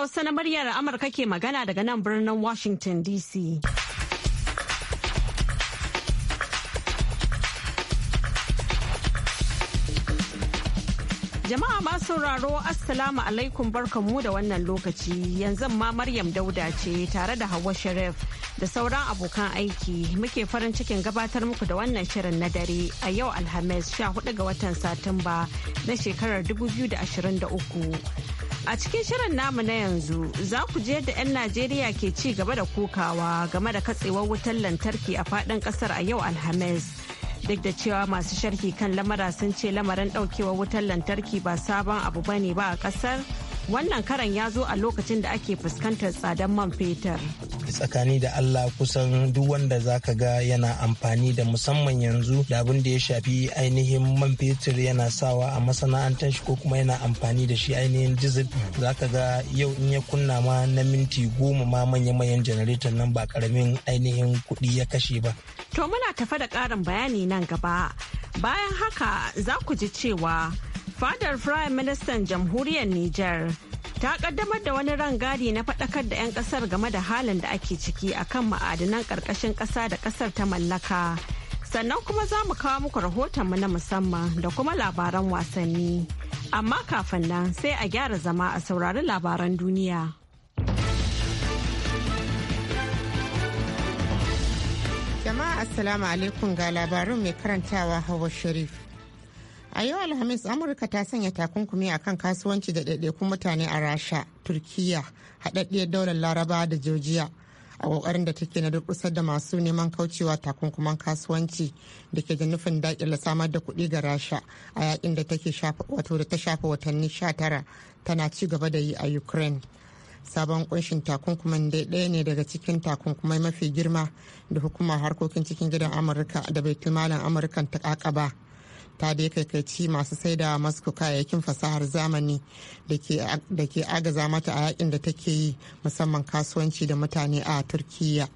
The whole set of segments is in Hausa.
Hausa na muryar Amurka ke magana daga nan birnin Washington DC. Jama'a ma sauraro Assalamu alaikum barkanmu da wannan lokaci yanzu ma Maryam Dauda ce tare da Hauwa Sharif da sauran abokan aiki muke farin cikin gabatar muku da wannan shirin na dare a yau Alhamis 14 ga watan Satumba na shekarar 2023. A cikin shirin namu na yanzu za ku je da 'yan Najeriya ke ci gaba da kokawa game da katsewar wutar lantarki a faɗin ƙasar a yau Alhamis. Duk da cewa masu sharhi kan lamara sun ce lamarin ɗaukewar wutar lantarki ba sabon abu bane ba a ƙasar Wannan karan ya zo a lokacin da ake fuskantar tsadan man fetur. Tsakani da Allah kusan duk wanda zaka ga yana amfani da musamman yanzu da abin da ya shafi ainihin man fetur yana sawa a masana'antar shi ko kuma yana amfani da shi ainihin dizil zaka ga yau in ya kunna ma na minti goma ma manya-manyan janareton nan ba karamin ainihin kuɗi ya kashe ba. To muna tafa da ƙarin bayani nan gaba. Bayan haka za ku ji cewa fadar Prime Ministan Jamhuriyar Nijar ta kaddamar da wani rangadi na faɗakar da 'yan ƙasar game da halin da ake ciki akan ma'adanan ƙarƙashin ƙasa da ƙasar ta mallaka. Sannan kuma za mu kawo muku rahotonmu na musamman da kuma labaran wasanni. Amma kafin nan sai a gyara zama a saurari labaran duniya. Jama'a Assalamu alaikum ga labarin mai karantawa Hawa Sharif. A yau Alhamis Amurka ta sanya takunkumi akan kasuwanci da ɗaiɗaikun mutane a Rasha, Turkiya, haɗaɗɗiyar daular Laraba da Georgia. a ƙoƙarin da take na durƙusar da masu neman kaucewa takunkuman kasuwanci da ke da nufin dakile samar da kuɗi ga rasha a yakin da take wato da ta shafa watanni sha tara tana ci gaba da yi a ukraine sabon kunshin takunkuman dai ɗaya ne daga cikin takunkumai mafi girma da hukumar harkokin cikin gidan amurka da bai malam amurkan ta ba ta dai kaikaici masu saida da masu kayayyakin fasahar zamani da ke agaza mata a yakin da take yi musamman kasuwanci da mutane a turkiya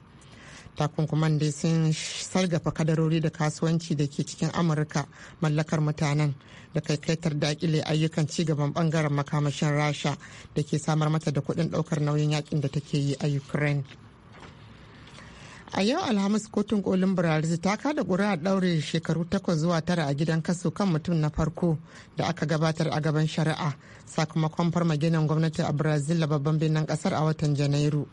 takunkuman dai sun sargafa kadarori da kasuwanci da ke cikin amurka mallakar mutanen da kaikaitar dakile ayyukan cigaban bangaren makamashin rasha da ke samar mata da kuɗin ɗaukar nauyin yakin da take yi a ukraine a yau alhamis kotun kolin birarzi ta kada ƙuri'a ɗaure shekaru takwas zuwa tara a gidan kaso kan mutum na farko da aka gabatar a gaban shari'a sakamakon ginin gwamnati a brazil babban birnin ƙasar a watan janairu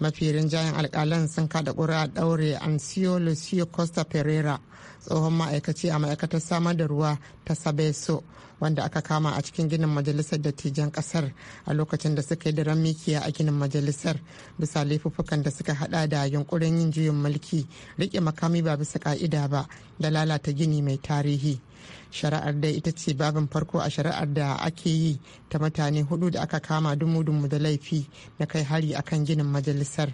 mafi rinjayen alkalan sun kada ƙuri'a ɗaure ancio lucio costa pereira tsohon ma'aikaci a ma'aikatar samar da ruwa ta sabeso wanda aka kama a cikin ginin majalisar dattijan kasar a lokacin da suka yi da mikiya a ginin majalisar bisa laifuffukan da suka hada da yunkurin yin juyin mulki rike makami ba bisa ka'ida ba da lalata gini mai tarihi shari'ar dai ita ce babin farko a shari'ar da ake yi ta mutane hudu da aka kama dumu-dumu da laifi na kai hari akan ginin majalisar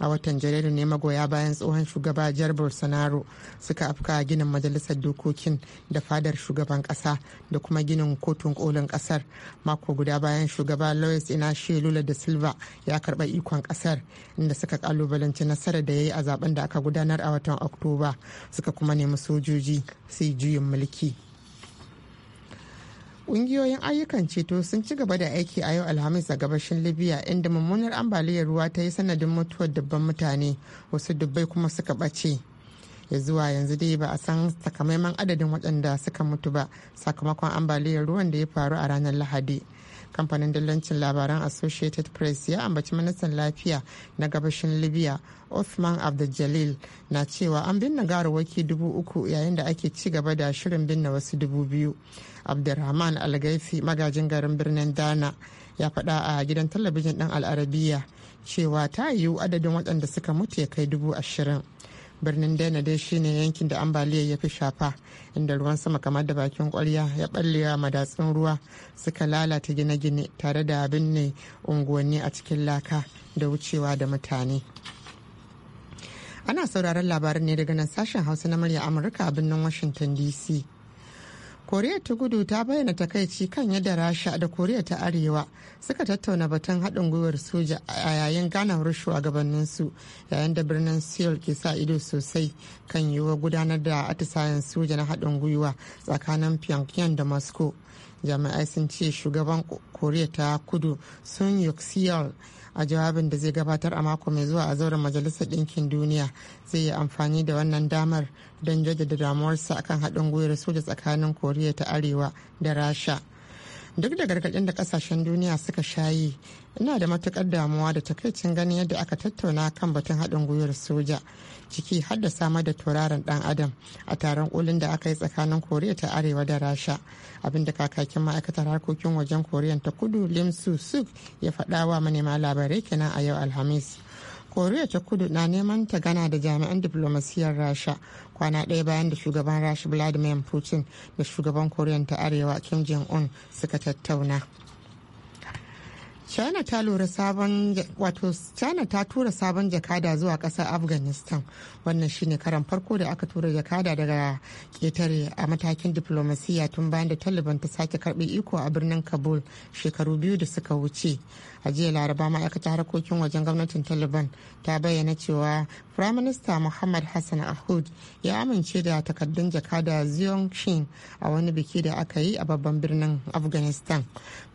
a watan janairu ne magoya bayan tsohon shugaba jar bolsonaro suka afka ginin majalisar dokokin da fadar shugaban kasa da kuma ginin kotun kolin kasar mako guda bayan shugaba louis ina lula da silva ya karba ikon kasar inda suka kalubalanci nasarar da ya yi a zaben da aka gudanar a watan oktoba suka kuma nemi sojoji su juyin mulki Ƙungiyoyin ayyukan ceto sun ci gaba da aiki a yau Alhamis a gabashin Libya inda mummunar ambaliyar ruwa ta yi sanadin mutuwar dubban mutane wasu dubbai kuma suka ɓace. ya zuwa yanzu dai ba a san takamaiman adadin waɗanda suka mutu ba sakamakon ambaliyar ruwan da ya faru a ranar Lahadi. kamfanin dillancin labaran associated press ya ambaci ministan lafiya na gabashin libya othman abdul na cewa an binne garawaki dubu uku yayin da ake ci gaba da shirin binne wasu dubu biyu abdulrahman algaifi magajin garin birnin dana ya faɗa a gidan talabijin ɗin al'arabiya cewa ta yiwu adadin waɗanda suka mutu ya kai dubu ashirin birnin daina dai shine yankin da ambaliyar ya fi shafa inda ruwan sama kamar da bakin kwarya ya ballewa madatsun ruwa suka lalata gine-gine tare da binne unguwanni a cikin laka da wucewa da mutane ana sauraron labarin ne daga nan sashen hausa na murya amurka a birnin washington dc koriya ta gudu ta bayyana takaici kan yadda rasha da koriya ta arewa suka tattauna batun haɗin gwiwar soja a yayin ganawar shugabanninsu yayin da birnin seoul ke sa ido sosai kan yiwuwar gudanar da atisayen soja na haɗin gwiwa tsakanin pyongyang da moscow jami'ai sun ce shugaban koriya ta kudu sun yuk a jawabin da zai gabatar a mako mai zuwa a zauren majalisar ɗinkin duniya zai yi amfani da wannan damar don jaddada damuwarsa akan haɗin gwiwar soja tsakanin koriya ta arewa da rasha duk da gargaɗin da ƙasashen duniya suka shayi ina da matukar damuwa da takaicin ganin yadda aka tattauna kan batun haɗin gwiwar soja ciki har da samar da tauraron ɗan adam a taron kolin da aka yi tsakanin koriya ta arewa da rasha abinda kakakin ma'aikatar harkokin wajen koriyan ta kudu lim su suk ya faɗa wa manema labarai kenan a yau alhamis koriya ta kudu na neman ta gana da jami'an diflomasiyyar rasha kwana ɗaya bayan da shugaban rasha vladimir putin da shugaban koriya ta arewa kim jong-un suka tattauna china ta wato china ta tura sabon jakada zuwa kasar afghanistan wannan shine karan farko da aka tura jakada daga ketare a matakin diplomasiya tun bayan da taliban ta sake karbe iko a birnin kabul shekaru biyu da suka wuce a jiya laraba ma'aikatar harkokin wajen gwamnatin taliban ta bayyana cewa firaminista muhammad hassan ahud ya amince da takaddun jakada zion shin a wani biki da aka yi a babban birnin afghanistan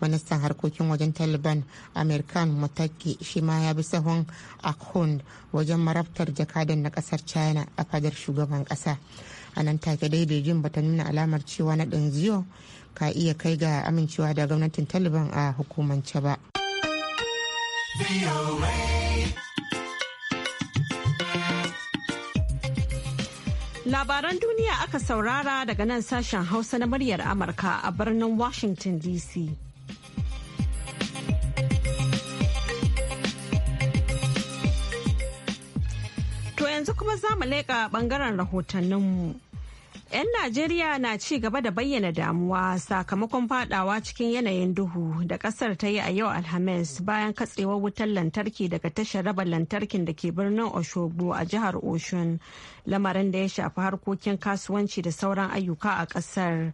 ministan harkokin wajen taliban american mutaki shi ma ya bi sahun akhund wajen marabtar jakadan na kasar china a fadar shugaban kasa a nan take dai beijing bata nuna alamar cewa na ɗan ziyo ka iya kai ga amincewa da gwamnatin taliban a hukumance ba. Labaran duniya aka saurara daga nan sashen Hausa na muryar Amurka a birnin Washington DC. To yanzu kuma za mu leƙa ɓangaren rahotanninmu. 'Yan Najeriya na ci gaba da bayyana damuwa sakamakon fadawa cikin yanayin duhu da kasar ta yi a yau Alhamis bayan katsewar wutar lantarki daga tashar raba lantarkin da ke birnin Oshogbo a jihar Oshun, lamarin da ya shafi harkokin kasuwanci da sauran ayyuka a kasar.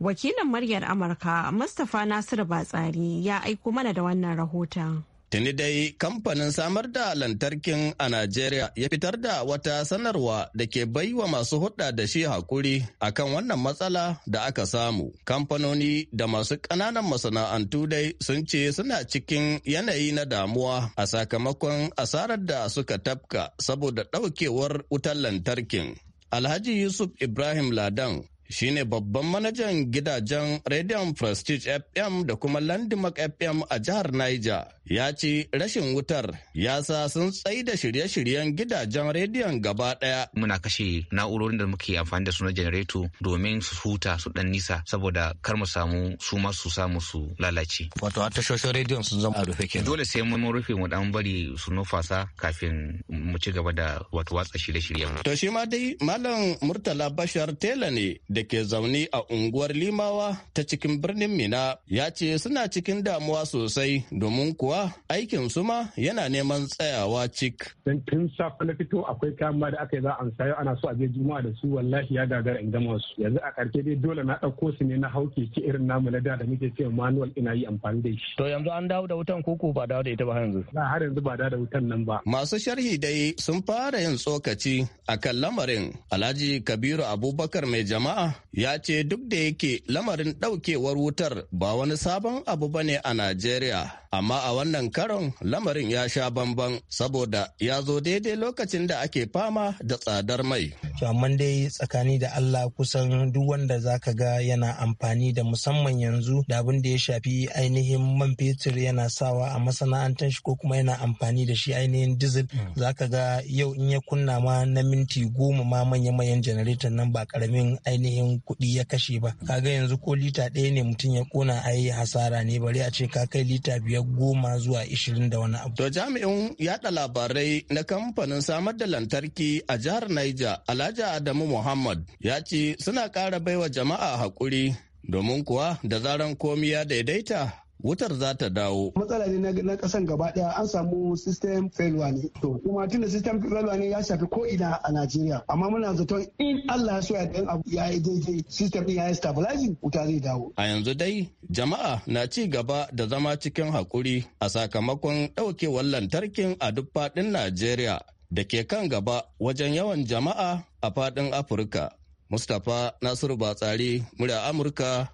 Wakilin muryar Amurka Mustapha Nasiru Batsari ya aiko mana da wannan rahoton. Tuni dai kamfanin samar da lantarkin a Najeriya ya fitar da wata sanarwa da ke bai wa masu hudda da shi hakuri kan wannan matsala da aka samu. Kamfanoni da masu ƙananan masana'antu dai sun ce suna cikin yanayi na damuwa a sakamakon asarar da suka tafka saboda ɗaukewar wutar lantarkin. Alhaji Yusuf Ibrahim Ladan shine babban manajan gidajen Radiant Prestige FM da kuma Landmark FM a jihar Niger. Ya ce rashin wutar ya sa sun da shirye-shiryen gidajen rediyon gaba daya. Muna kashe na'urorin da muke amfani da su na janareto domin su huta su dan nisa saboda kar mu samu su ma samu su lalace. Wato a tashoshin rediyon sun zama a rufe kenan. Dole sai mun rufe mu ɗan bari su nufasa kafin mu ci gaba da wato watsa shirye-shiryen. To shi ma dai Malam Murtala Bashar Tela ne da ke zaune a unguwar Limawa ta cikin birnin Mina ya ce suna cikin damuwa sosai domin kuwa aikin suma yana neman tsayawa cik. Dan tun safe na fito akwai kayan da aka yi za a ansayo ana so a je juma'a da su wallahi ya gagara in gama su. Yanzu a karshe dai dole na ɗauko su ne na hauke ki irin namu na da da muke cewa manual ina yi amfani da shi. To yanzu an dawo da wutan koko ba dawo da ita ba yanzu. Ba har yanzu ba dawo da wutan nan ba. Masu sharhi dai sun fara yin tsokaci akan lamarin Alhaji Kabiru Abubakar mai jama'a ya ce duk da yake lamarin ɗaukewar wutar ba wani sabon abu ba ne a Najeriya, amma a wannan karon lamarin ya sha bamban saboda ya zo daidai lokacin da ake fama da tsadar mai. Amma dai tsakani da Allah kusan duk wanda za ka ga yana amfani da musamman yanzu da abin da ya shafi ainihin man fetur yana sawa a masana'antar shi ko kuma yana amfani da shi ainihin dizil mm. za ka ga yau in ya kunna ma na minti goma ma manya-manyan janareta nan ba karamin ainihin ainihin kuɗi ya kashe ba kaga yanzu ko lita ɗaya ne mutum ya kona ai hasara ne bari a ce ka kai lita biyar goma zuwa ishirin da wani abu. To jami'in yaɗa labarai na kamfanin samar da lantarki a jihar Niger Alhaji Adamu Muhammad ya ce suna ƙara baiwa jama'a haƙuri domin kuwa da zaran komi ya daidaita wutar za ta dawo. Matsala ne na kasan gaba daya an samu system failure ne. To kuma tun da system failure ne ya shafi ko ina a Najeriya. Amma muna zaton in Allah ya so ya dan abu ya yi daidai system din ya yi stabilizing wuta zai dawo. A yanzu dai jama'a na ci gaba da zama cikin hakuri a sakamakon ɗaukewar lantarkin a duk faɗin Najeriya da ke kan gaba wajen yawan jama'a a faɗin Afirka. Mustapha Nasiru Batsari, murya Amurka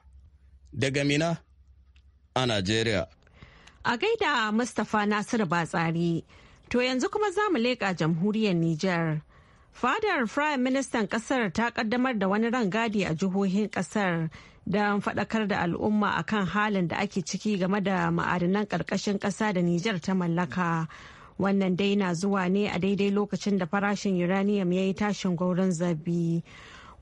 daga Mina. a Najeriya. A gaida Mustapha Nasiru Batsari, to yanzu kuma za mu leƙa jamhuriyar Nijar. Fadar Firayim Ministan ƙasar ta ƙaddamar da wani rangadi a jihohin ƙasar don faɗakar da al'umma a kan halin da ake ciki game da ma'adanan ƙarƙashin ƙasa da Nijar ta mallaka. Wannan dai na zuwa ne a daidai lokacin da farashin uranium ya yi tashin gaurin zabi.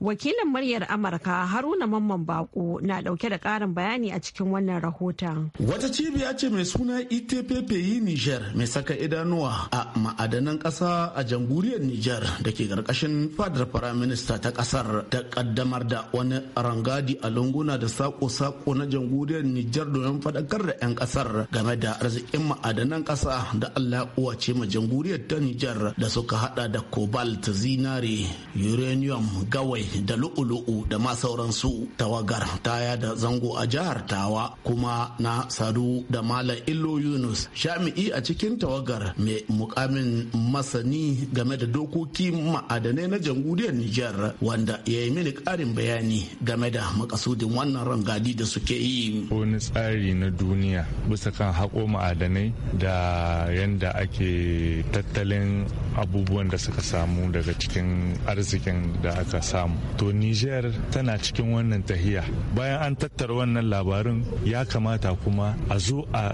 Wakilin muryar Amurka Haruna Mamman Bako na dauke da karin bayani a cikin wannan rahoton. Wata cibiya ce mai suna ITPPI Niger mai saka idanuwa a ma'adanan ƙasa a jamhuriyar Niger da ke ƙarƙashin fadar firaminista ta ƙasar ta ƙaddamar da wani rangadi a lunguna da sako-sako na jamhuriyar Niger domin faɗakar da 'yan ƙasar game da arzikin ma'adanan ƙasa da Allah ce ma jamhuriyar ta Niger da suka hada da cobalt, zinare, uranium, gawai da lu'ulu'u da ma sauransu tawagar taya da zango a jihar tawa kuma na sadu da malam illo yunus shami'i a cikin tawagar mai mukamin masani game da dokoki ma'adanai na jamhuriyar niger wanda ya yi mini karin bayani game da makasudin wannan rangadi da suke yi wani tsari na duniya bisa kan haƙo ma'adanai da yadda ake tattalin abubuwan da suka samu daga cikin arzikin da aka samu to niger tana cikin wannan tahiya bayan an tattara wannan labarin ya kamata kuma a zo a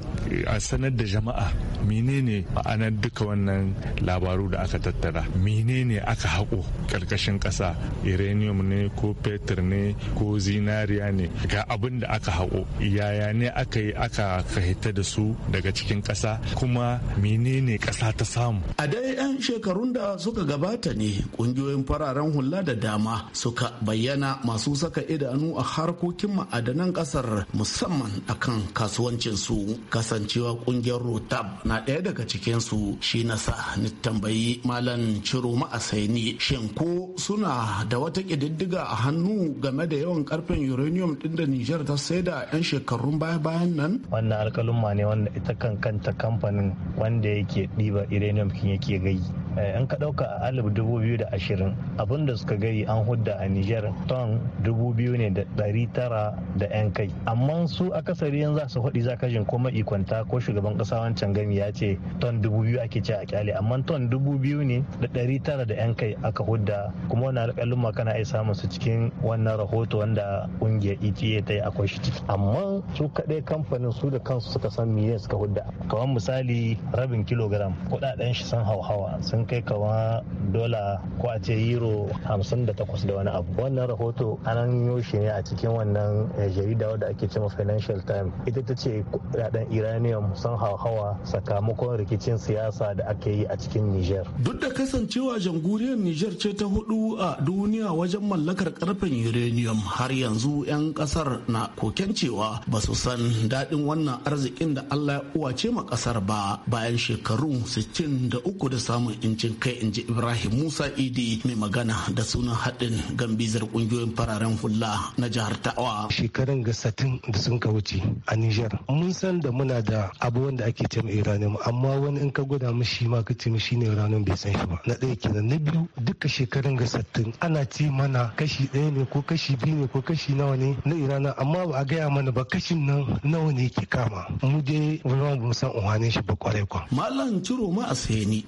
sanar da jama'a menene ma'anar duka wannan labaru da aka tattara menene aka haƙo ƙarƙashin ƙasa uranium ne ko fetur ne ko zinariya ne ga abin da aka haƙo yaya ne aka yi aka fahita da su daga cikin ƙasa kuma menene ƙasa ta samu a dai 'yan shekarun da suka gabata ne ƙungiyoyin fararen hula da dama suka bayyana masu saka idanu a harkokin ma'adanan kasar musamman a akan kasuwancinsu kasancewa kungiyar rotab na ɗaya daga cikinsu shi nasa ni tambayi malam ciro ma'asaini shin ko suna da wata kididdiga a hannu game da yawan karfin uranium ɗin da nijar ta da 'yan shekarun baya-bayan nan wannan alkalumma ne wanda ita kan kanta kamfanin wanda yake ɗiba uranium kin yake gai eh, in ka ɗauka a alif dubu da ashirin da suka gari an hudu da a Niger ton dubu biyu da 'yan kai. Amma su akasari yanzu za su haɗi zakajin ko ma'ikwanta ko shugaban ƙasa wancan gami ya ce ton dubu biyu ake ce a kyale amma ton dubu da ɗari tara da 'yan kai aka hudda kuma wani alƙalin kana iya samun su cikin wannan rahoto wanda ƙungiyar ETA ta yi akwai shi ciki. Amma su kaɗai kamfanin su da kansu suka san miye suka hudda. kamar misali rabin kilogram kuɗaɗen shi sun hauhawa sun kai kawa dola ko a ce euro hamsin da da wani abu wannan rahoto an yoshi shi ne a cikin wannan eh, jarida wadda ake cewa financial time ita ta ce kudaden iranium sun hauhawa sakamakon rikicin siyasa da ake yi a cikin niger duk da kasancewa jamhuriyar niger ce ta hudu a duniya wajen mallakar karfin uranium har yanzu 'yan kasar na koken cewa ba su san daɗin wannan arzikin da allah ya uwace ma kasar ba bayan shekaru 63 da samun incin kai in ji ibrahim musa idi mai magana da sunan haɗin gambizar kungiyoyin fararen hula na jihar Ta'awa. Shekarun ga satin da sun ka wuce a Nijar. Mun san da muna da abu wanda ake ce mai uranium amma wani in ka gwada mishi ma ka ce mishi ne uranium bai san shi ba. Na ɗaya kenan na biyu duka shekarun ga satin ana ci mana kashi ɗaya ne ko kashi biyu ne ko kashi nawa ne na uranium amma ba a gaya mana ba kashin nan nawa ne ke kama. Mu dai wani ba san umarnin shi ba kwarai kwa. Malam Ciro ma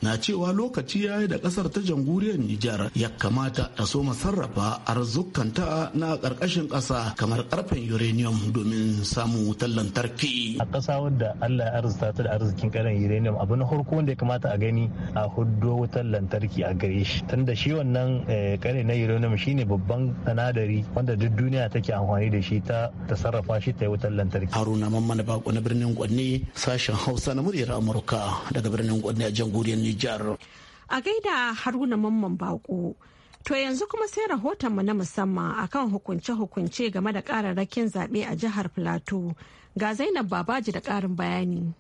na cewa lokaci ya yi da ƙasar ta jamhuriyar Nijar ya kamata a so masarar sarrafa arzukanta na ƙarƙashin ƙasa kamar ƙarfen uranium domin samun wutar lantarki. A ƙasa wadda Allah ya arzuta ta da arzikin ƙarin uranium abu na farko wanda ya kamata a gani a huddo wutar lantarki a gare shi. Tunda shi wannan eh, ƙare na uranium shine babban sanadari wanda duk duniya take amfani da shi ta ta sarrafa shi ta yi wutar lantarki. Haruna Mamman Bako na birnin Gwanne sashen Hausa na muryar Amurka daga birnin Gwanne a jamhuriyar Nijar. A gaida Haruna Mamman Bako. To yanzu kuma sai rahotonmu na musamman akan hukunce-hukunce game da kararrakin zaɓe a jihar Filato. Ga Zainab Babaji da ƙarin bayani.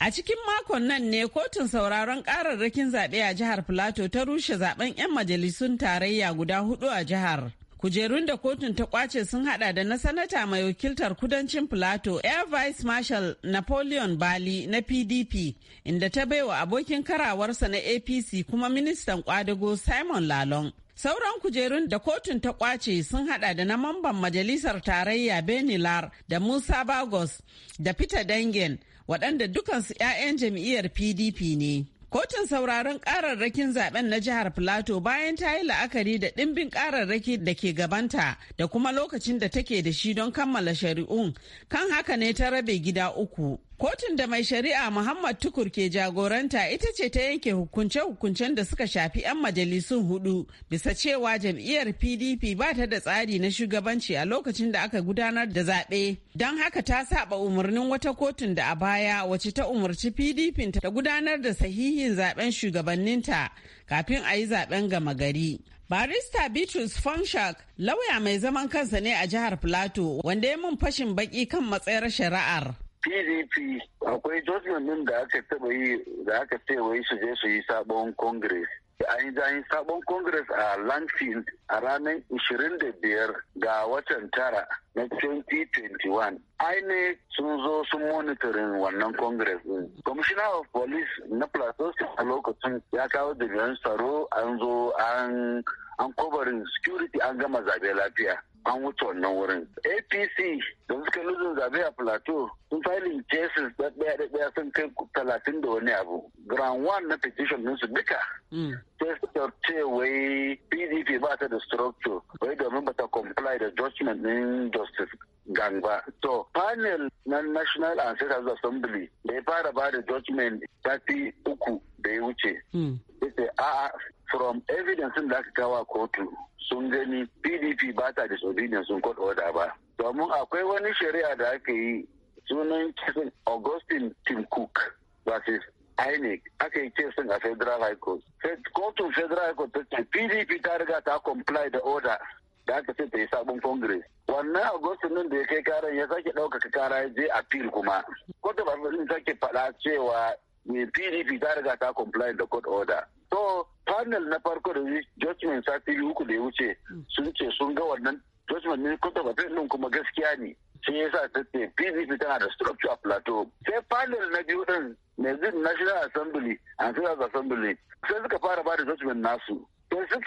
A cikin makon nan ne kotun sauraron kararrakin zaɓe a jihar Filato ta rushe zaben 'yan majalisun tarayya guda hudu a jihar. Kujerun da kotun ta kwace sun hada da na sanata mai wakiltar kudancin plato Air Vice Marshal Napoleon Bali na PDP inda ta baiwa abokin karawarsa na APC kuma ministan kwadago Simon lalon Sauran kujerun da kotun ta kwace sun hada da na mamban majalisar tarayya Benilar da Musa Bagos da Peter Dangen waɗanda dukansu 'ya'yan jam'iyyar PDP ne. Kotun sauraron kararrakin zaben na jihar Filato bayan ta yi la'akari da ɗimbin kararraki da ke gabanta da kuma lokacin da take da shi don kammala shari'un kan haka ne ta rabe gida uku. Kotun da mai shari'a Muhammad Tukur ke jagoranta ita ce ta yanke hukunce-hukuncen da suka shafi 'yan majalisun hudu bisa cewa jam'iyyar PDP ba ta da tsari na shugabanci a lokacin da aka gudanar da zaɓe. Don haka ta saba umarnin wata kotun da a baya wacce ta umarci PDP ta gudanar da sahihin zaben shugabanninta kafin a yi zaben gama gari. Barista Bitrus Fonshak lauya mai zaman kansa ne a jihar Plateau wanda ya mun fashin baki kan matsayar shari'ar. pdp akwai judgment din da aka taba yi da aka ce su je su yi sabon congress an yi sabon congress a langfield a ranar 25 ga watan tara na 2021 INEC sun zo sun monitorin wannan congress din commissioner of police na plateau a lokacin ya kawo da tsaro an zo an an security an gama zabe lafiya an wuce wannan wurin. APC da suka nuzin zabe a Plateau sun filin cases ɗaya ɗaya sun kai talatin da wani abu. Ground one na petition mm. su duka. Sai ce wai PDP ba ta da structure wai domin ba ta comply da judgment ɗin justice gangba. To panel na National Ancestors Assembly da ya fara ba da judgment 33 uku da ya wuce. Ita mm. a'a from evidence da aka kawo kotu sun gani pdp ba ta disobedience sun court order ba domin akwai wani shari'a da aka yi sunan kisan augustine tim cook versus INEC aka yi kisan a Federal High Court. Kotun Federal High Court ta ce PDP ta riga ta comply da order da aka ce ta yi sabon Congress. Wannan augustin nan da ya kai karan ya sake ɗaukaka kara ya je appeal kuma. Kotun ba sake faɗa cewa PDP ta riga ta comply da court order. So panel na farko da judgment sati uku da ya wuce hmm. sun ce sun ga wannan judgment ne kuta ba din kuma gaskiya ne sun yi sa ta ce pdp tana da structure plateau sai panel na biyu din na national assembly and senate assembly sai suka fara ba da judgment nasu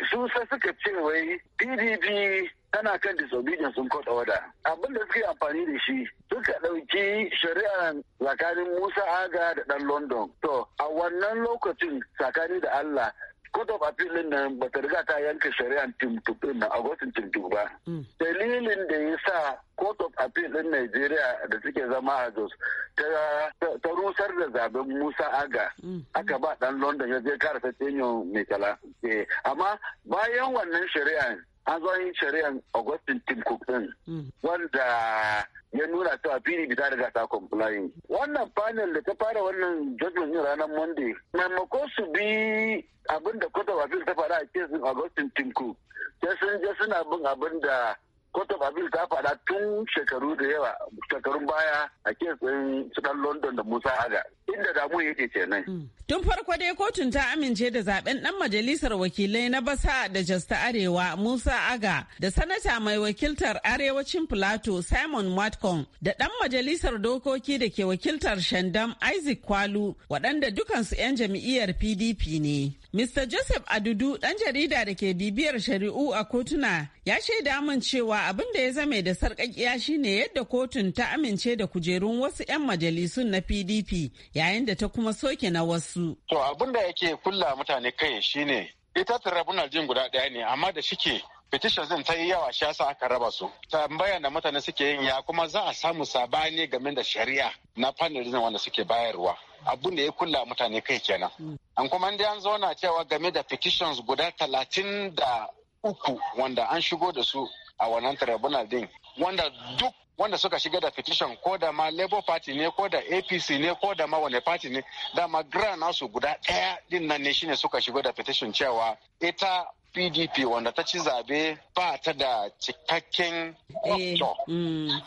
sun sai suka ce wai pdp tana kan disobedience sun kota wada abin da suka yi amfani da shi suka ɗauki shari'ar tsakanin musa aga da dan london to a wannan lokacin tsakani da allah Court of Appeal din nan ba ta riga ta yanke shari'an Timtuk na Agustin Timtuk ba. Mm. Dalilin da ya sa Court of Appeal din Najeriya da suke zama a Jos ta rusar da zaben Musa Aga mm. aka ba dan London ya je kara ta tenyo mai kala. Eh, amma bayan wannan shari'an an zo yin shari'an Agustin Timtuk din mm. wanda ya nuna cewa fili bisa da ta complying wannan panel da ta fara wannan judgment din ranar monday maimako su bi abin da court of ta fara a kesin augustin tinku sai sun je suna bin abin da court of ta fara tun shekaru da yawa shekarun baya a kesin su london da musa aga inda damuwa yake kenan. Mm. Tun farko dai kotun ta amince da zaben dan majalisar wakilai na basa da jasta arewa Musa Aga da sanata mai wakiltar arewacin Plateau Simon Watcom da dan majalisar dokoki da ke wakiltar Shandam Isaac Kwalu waɗanda dukansu 'yan jam'iyyar PDP ne. Mr. Joseph Adudu ɗan jarida da ke bibiyar shari'u a kotuna ya shaida min cewa abin da ya zame da sarƙaƙiya shine yadda kotun ta amince da kujerun wasu 'yan majalisun na PDP yayin da ta kuma soke na wasu. To abin da yake kulla mutane kai shine ita tribunal jin guda ɗaya ne amma da shike petitions din ta yi yawa shi yasa aka raba su tambayan da mutane suke yin ya kuma za a samu sabani game da shari'a na panelin wanda suke bayarwa abun da ya kulla mutane kai kenan mm. an kuma an zo na cewa game da petitions guda talatin da uku wanda an shigo da su a wannan tribunal din wanda duk wanda suka shiga da petition ko da ma labour party ne ko da apc ne ko da ma wane party ne dama grand nasu guda ɗaya din nan ne shine suka shigo da petition cewa ita pdp wanda ta ci zabe ba ta da cikakken Wato eh, mm.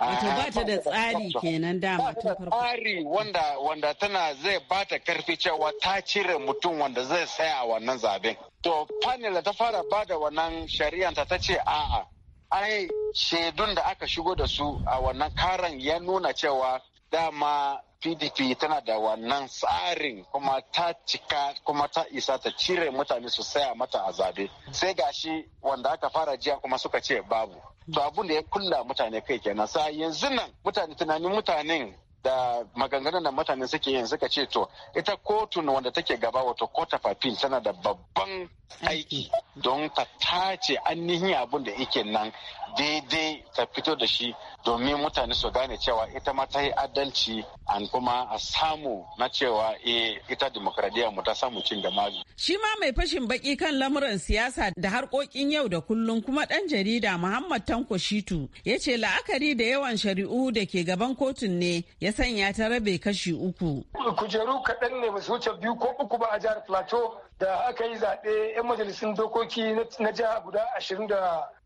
ah, ba ta da tsari kenan dama tun farko. Tsari wanda wanda tana zai ba ta karfi cewa ta cire mutum wanda zai tsaya wannan zaben. To panel ta fara ba da wannan shari'anta ta ce a'a ai shaidun da aka shigo da su a wannan karan ya nuna cewa dama pdp tana da wannan tsarin kuma ta cika kuma ta isa ta cire mutane su saya mata a zabe sai gashi wanda aka fara jiya kuma suka ce babu to abun da ya kulla mutane kai kenan sai yanzu nan mutane tunanin mutanen da maganganun da mutane suke yin suka ce to ita kotun wanda take gaba wato court of tana da babban aiki don ta tace ainihin abin da yake nan daidai ta fito da shi domin mutane su gane cewa ita ma ta yi adalci an kuma a samu na cewa e, ita demokradiyya mu ta samu cin gama. Shi ma mai fashin baki kan lamuran siyasa da harkokin yau da kullum kuma ɗan jarida Muhammad Tanko Shitu ya ce la'akari da yawan shari'u da ke gaban kotun ne ya sanya ta rabe kashi uku. Kujeru kaɗan ne ba su wuce biyu ko uku ba a jihar Plateau da aka yi zaɓe 'yan majalisun dokoki na jiha guda ashirin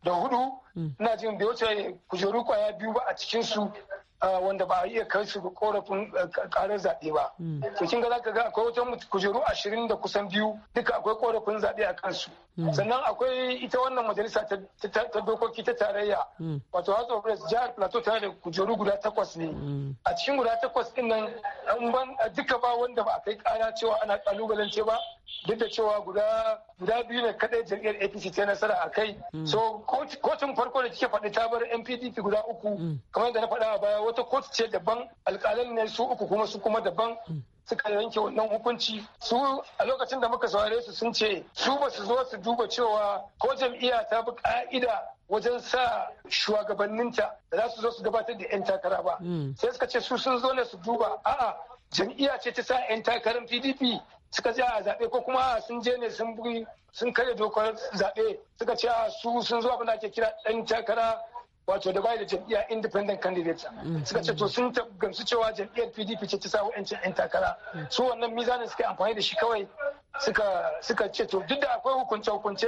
da hudu mm. ina jin da wuce kujeru kwaya biyu ba a cikinsu wanda ba a iya kai su korafin eh, karar zaɓe ba. Hmm. To kin ga za ka ga akwai wajen kujeru ashirin da kusan biyu duka akwai korafin zaɓe a kansu. Hmm. Sannan akwai ita wannan majalisa ta dokoki ta tarayya hmm. wato House of Reps jihar Plateau tana da kujeru guda takwas ne. A cikin guda takwas ɗin nan duka ba wanda ba a kai kara cewa ana kalubalance ba duk da cewa guda guda biyu ne kadai jam'iyyar apc ta nasara a kai so kotun farko da kike faɗi ta bar npdp guda uku kamar yadda na faɗa a baya wata kotu ce daban alkalan ne su uku kuma su kuma daban suka yanke wannan hukunci su a lokacin da muka saurare su sun ce su ba su zo su duba cewa ko jam'iyya ta bi ka'ida wajen sa shugabanninta da za su zo su gabatar da 'yan takara ba hmm. sai suka ce su sun zo ne su duba a'a jam'iyya ce ta sa 'yan takarar pdp suka ce a zaɓe ko kuma sun je ne sun buri sun karya dokar zaɓe suka ce su sun zo abin da ake kira ɗan takara wato da bai da jam'iyya independent candidate mm-hmm. suka ce to sun gamsu cewa jam'iyyar pdp ce ta samu yancin 'yan takara mm-hmm. su wannan mizanin suka amfani da shi kawai suka ce to duk da akwai hukunce-hukunce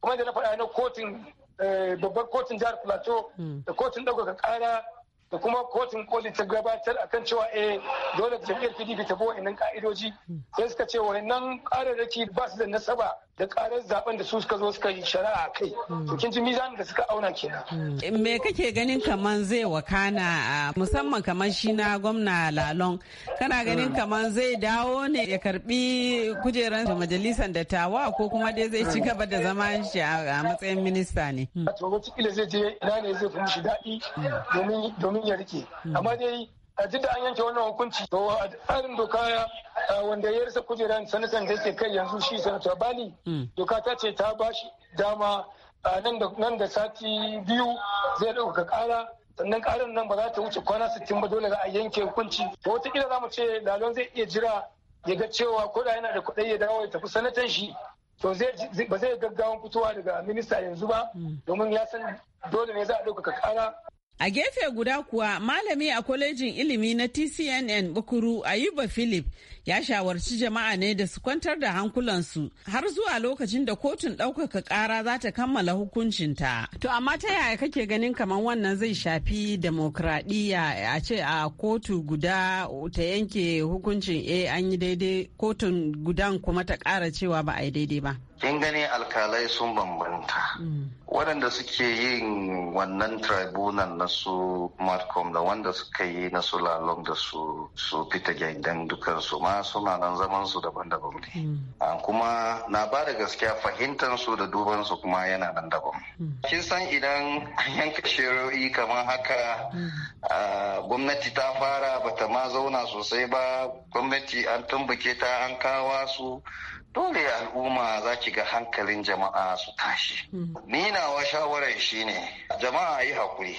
kuma da na faɗa na kotun eh, babbar kotun jihar plateau mm-hmm. da kotun ɗaukaka ƙara da kuma kotun koli ta gabatar akan cewa eh dole jam'iyyar pdp ta bi wa'annan ka'idoji sai suka ce wa'annan ƙararraki ba su da nasaba da karar zaben da su suka zo suka yi shari'a a kai cikin hmm. kin ji da suka auna kenan hmm. me kake ganin kaman zai wakana musamman kamar shi na gwamna lalon kana ganin hmm. kaman zai dawo ne ya karbi kujeran majalisar da Tawa ko kuma dai zai ci gaba da zaman shi a matsayin minista ne to wataƙila zai je ina ne zai fi shi daɗi domin ya rike amma dai a da an yanke wannan hukunci to a tsarin doka wanda ya rasa kujeran sanatan da yake kai yanzu shi sanata bali hmm. doka ta ce ta ba shi dama nan da sati biyu zai ɗauka ƙara sannan ƙarar nan ba za ta wuce kwana sittin ba dole za a yanke hukunci to wataƙila za mu ce lalon zai iya jira ya ga cewa ko da yana da kuɗai ya dawo ya tafi sanatan shi to ba zai gaggawan fitowa daga minista yanzu ba hmm. domin ya san dole ne za a ɗaukaka ƙara A gefe guda kuwa malami a kwalejin ilimi na TCNN Bukuru Ayuba Philip ya shawarci jama'a ne da su kwantar da hankulansu har zuwa lokacin da kotun ɗaukaka ƙara za ta kammala hukuncinta. To amma ta yaya kake ganin kamar wannan zai shafi demokradiyya a ce a kotu guda ta yanke hukuncin eh an yi daidai kotun gudan kuma ta ƙara cewa ba a yi daidai ba. kin gani alkalai sun bambanta mm. waɗanda suke yin wannan tribunal na su Markom da wanda suka yi na su lalong da su su fita gyandan dukansu ma kuma suna nan zaman su daban-daban ne hmm. ah, kuma na ba da gaskiya fahimtar su da duban su kuma yana nan daban hmm. kin san idan yanka shiroyi kamar haka hmm. ah, gwamnati ta fara bata ma zauna sosai ba gwamnati an tumbuke ta an kawa su dole al'umma za ki ga hankalin jama'a su tashi. Ni nawa shawarar shi ne jama'a yi hakuri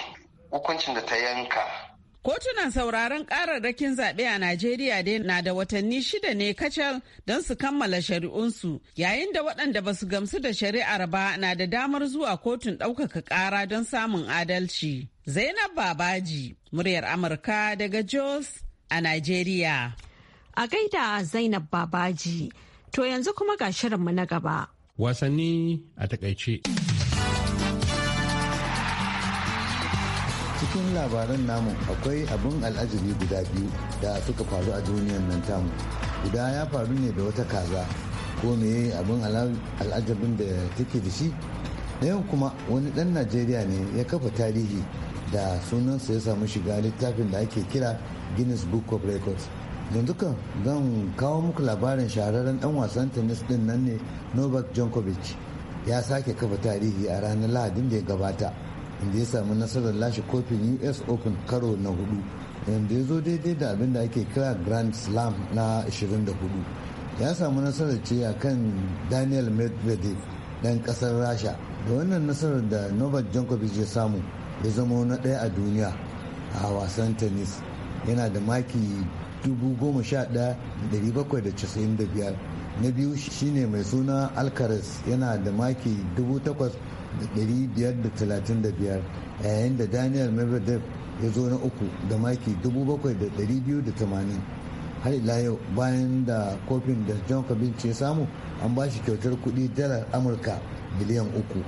hukuncin da ta yanka Kotunan sauraron kararrakin zaɓe a Najeriya dai na da watanni shida ne kacal don su kammala shari'unsu, yayin da waɗanda ba su gamsu da shari'ar ba na da damar zuwa kotun ɗaukaka ƙara don samun adalci. Zainab Babaji, muryar Amurka daga Jos a Najeriya. A gaida Zainab Babaji, to yanzu kuma ga shirinmu na gaba. Wasanni a takaice. cikin labaran namu akwai abin al'ajabi guda biyu da suka faru a duniyar nan tamu guda ya faru ne da wata kaza ko meye abin al'ajabin da take da shi na yau kuma wani dan najeriya ne ya kafa tarihi da sunansa ya samu shiga littafin da ake kira guinness book of records yanzu kan zan kawo muku labarin shahararren dan wasan tennis din nan ne novak djokovic ya sake kafa tarihi a ranar lahadin da ya gabata inda ya samu nasarar lashe kofin us open karo na hudu yadda ya zo daidai da abin da ake kira grand slam na 24 ya samu nasarar ce a kan daniel medvedev dan kasar rasha da wannan nasarar da novak djokovic ya samu ya zama na ɗaya a duniya a wasan tennis yana da maki 11,795 na biyu shine mai suna alcaraz yana da maki 8,535 yayin da daniel medvedev ya zo na uku da maki 7,280 har ila yau bayan da kofin da john kabinci ya samu an ba shi kyautar kudi dalar amurka biliyan uku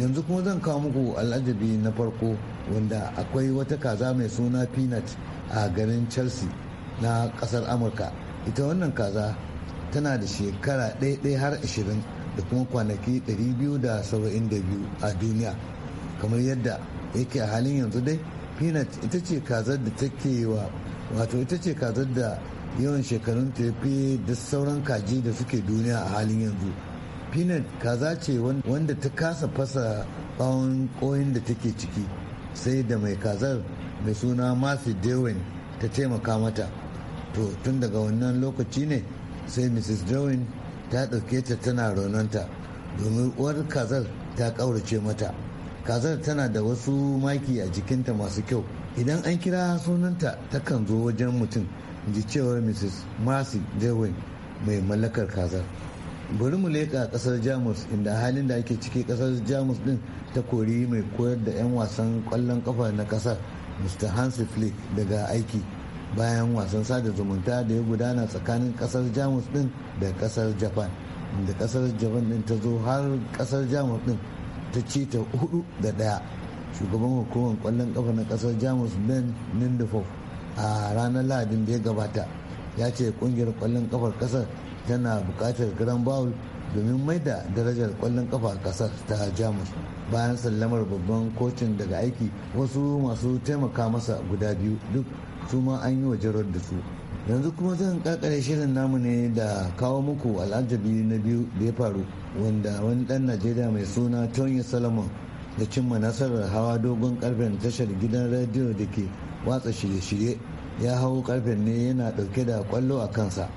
yanzu kuma zan kawo muku al'ajabi na farko wanda akwai wata kaza mai suna peanut a garin chelsea na kasar amurka ita wannan kaza tana da shekara ɗaya har ashirin da kuma kwanaki 272 a duniya kamar yadda yake a halin yanzu dai peanut ita ce kazar da take wa wato ita ce kazar da yawan shekarun ta fi da sauran kaji da suke duniya a halin yanzu peanut kaza ce wanda ta kasa fasa bawon koyin da take ciki sai da mai kazar mai suna masu dewin ta taimaka mata to tun daga wannan lokaci ne sai mrs darwin ta ɗauke ta tana raunanta domin uwar kazar ta ƙaurace mata kazar tana da wasu maki a jikinta masu kyau idan an kira sunanta ta kan zo wajen mutum ji cewar mrs marcy darwin mai mallakar kazar bari mu leƙa ƙasar jamus inda halin da ake ciki ƙasar jamus ɗin ta kori mai koyar da 'yan wasan ƙwallon ƙafa na ƙasar mr hansi flick daga aiki bayan wasan sada zumunta da ya gudana tsakanin kasar jamus din da kasar japan inda kasar japan din ta zo har kasar jamus din ta ci ta hudu da daya shugaban hukumar kwallon kafa na kasar jamus ben nindefov a ranar lahadin da ya gabata ya ce kungiyar kwallon kafar kasar tana bukatar grand bowl domin mai da darajar kwallon kafa a kasar ta jamus bayan sallamar babban kocin daga aiki wasu masu taimaka masa guda biyu duk su ma an yi wa jarar da su yanzu kuma zan kakare shirin namu ne da kawo muku al'ajabi na biyu da ya faru wanda wani dan najeriya mai suna tony solomon da cimma nasarar hawa dogon karfen tashar gidan rediyo da ke watsa shirye-shirye ya hau karfen ne yana dauke da kwallo a kansa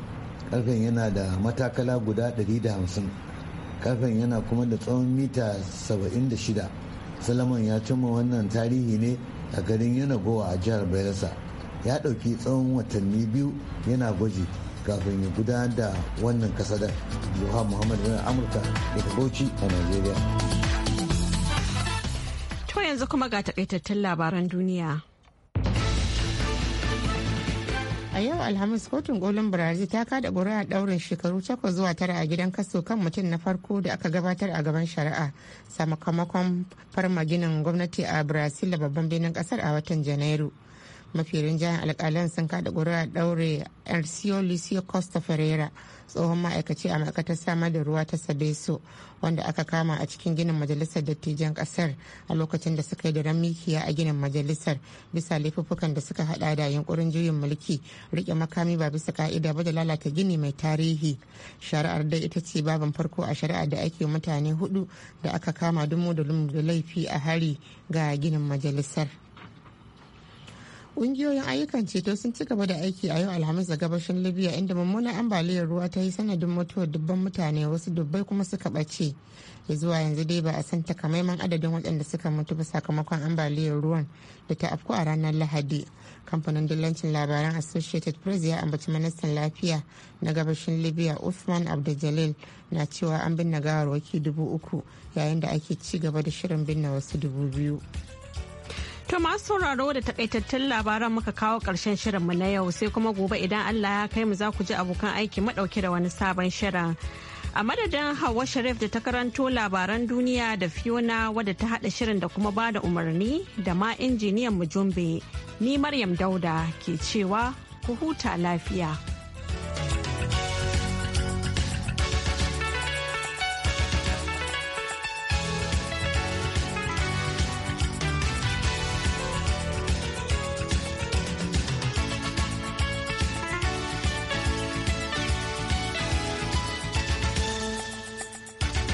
karfen yana da matakala guda 150 karfen yana kuma da tsawon mita 76 solomon ya cimma wannan tarihi ne a garin yanagowa a jihar bayelsa ya ɗauki tsawon watanni biyu yana gwaji kafin ya gudanar da wannan kasadar yoha muhammad wani amurka daga bauchi a nigeria to yanzu kuma ga takaitattun labaran duniya a yau alhamis kotun kolin brazil ta kada ƙuri'a ɗaurin shekaru takwas zuwa tara a gidan kaso kan mutum na farko da aka gabatar a gaban shari'a sakamakon farma ginin gwamnati a brazil da babban birnin kasar a watan janairu mafi rinjayen alkalan sun kada ƙuri'ar ɗaure Ercio Lucio Costa Ferreira tsohon ma'aikaci a ma'aikatar samar da ruwa ta Sabeso wanda aka kama a cikin ginin majalisar dattijan kasar a lokacin da suka yi da ramikiya a ginin majalisar bisa laifuffukan da suka hada da yunkurin juyin mulki rike makami ba bisa ka'ida ba da lalata gini mai tarihi shari'ar dai ita ce babin farko a shari'a da ake mutane hudu da aka kama dumu da laifi a hari ga ginin majalisar. Ƙungiyoyin ayyukan ceto sun ci gaba da aiki a yau Alhamis da gabashin Libya inda mummunan ambaliyar ruwa ta yi sanadin mutuwar dubban mutane wasu dubbai kuma suka ɓace. Ya zuwa yanzu dai ba a san takamaiman adadin waɗanda suka mutu ba sakamakon ambaliyar ruwan da ta afku a ranar Lahadi. Kamfanin dillancin labaran Associated Press ya ambaci ministan lafiya na gabashin Libya usman Abdul na cewa an binne gawarwaki dubu uku yayin da ake ci gaba da shirin binne wasu dubu biyu. To masu sauraro da takaitattun labaran muka kawo ƙarshen shirinmu na yau sai kuma gobe idan Allah ya kai mu za ku ji abokan aiki madauke da wani sabon shirin. A madadin Hauwa Sharif da ta karanto labaran duniya da Fiona wadda ta haɗa shirin da kuma bada umarni da ma injiniyan mu Jumbe, ni Maryam Dauda ke cewa ku huta lafiya.